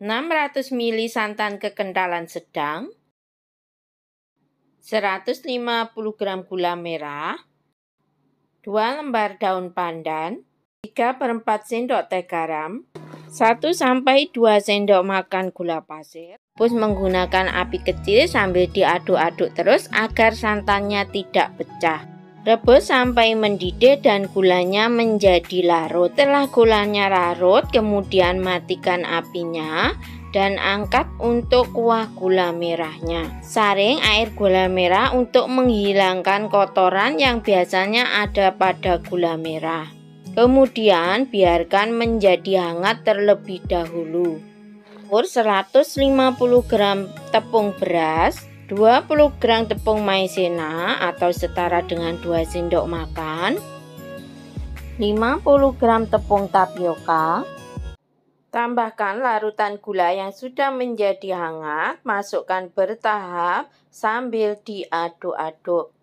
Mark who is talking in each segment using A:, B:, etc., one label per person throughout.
A: 600 ml santan kekentalan sedang, 150 gram gula merah, 2 lembar daun pandan, 3 per 4 sendok teh garam, 1 sampai 2 sendok makan gula pasir. Pus menggunakan api kecil sambil diaduk-aduk terus agar santannya tidak pecah. Rebus sampai mendidih dan gulanya menjadi larut. Setelah gulanya larut, kemudian matikan apinya dan angkat untuk kuah gula merahnya. Saring air gula merah untuk menghilangkan kotoran yang biasanya ada pada gula merah. Kemudian biarkan menjadi hangat terlebih dahulu. Ukur 150 gram tepung beras, 20 gram tepung maizena atau setara dengan 2 sendok makan 50 gram tepung tapioka Tambahkan larutan gula yang sudah menjadi hangat, masukkan bertahap sambil diaduk-aduk.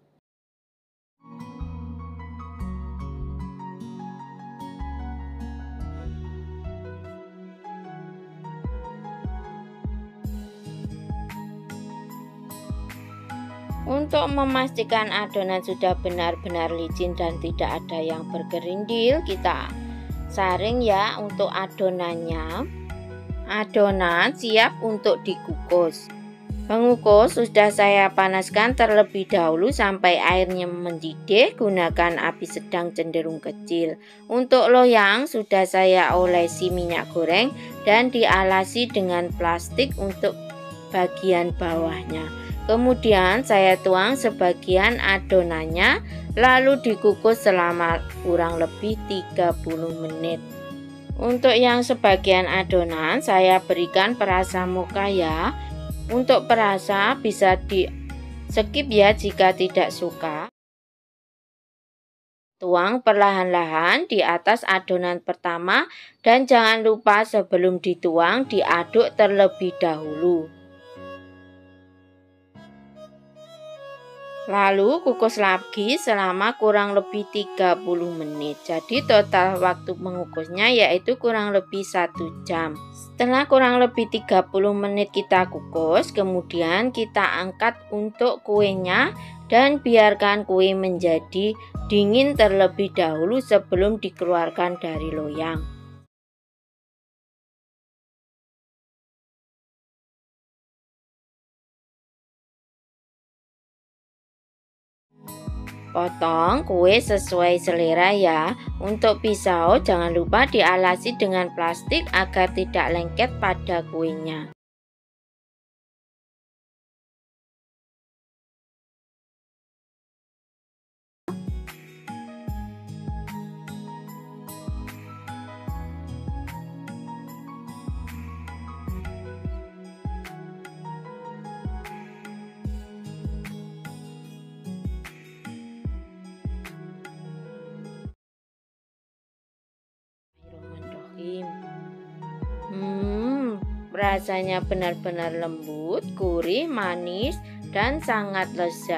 A: Untuk memastikan adonan sudah benar-benar licin dan tidak ada yang bergerindil, kita saring ya untuk adonannya. Adonan siap untuk dikukus. Pengukus sudah saya panaskan terlebih dahulu sampai airnya mendidih gunakan api sedang cenderung kecil. Untuk loyang sudah saya olesi minyak goreng dan dialasi dengan plastik untuk bagian bawahnya. Kemudian saya tuang sebagian adonannya lalu dikukus selama kurang lebih 30 menit. Untuk yang sebagian adonan saya berikan perasa muka ya. Untuk perasa bisa di skip ya jika tidak suka. Tuang perlahan-lahan di atas adonan pertama dan jangan lupa sebelum dituang diaduk terlebih dahulu. Lalu kukus lagi selama kurang lebih 30 menit. Jadi total waktu mengukusnya yaitu kurang lebih 1 jam. Setelah kurang lebih 30 menit kita kukus, kemudian kita angkat untuk kuenya dan biarkan kue menjadi dingin terlebih dahulu sebelum dikeluarkan dari loyang. Potong kue sesuai selera ya. Untuk pisau jangan lupa dialasi dengan plastik agar tidak lengket pada
B: kuenya.
A: Rasanya benar-benar lembut, gurih, manis, dan sangat lezat.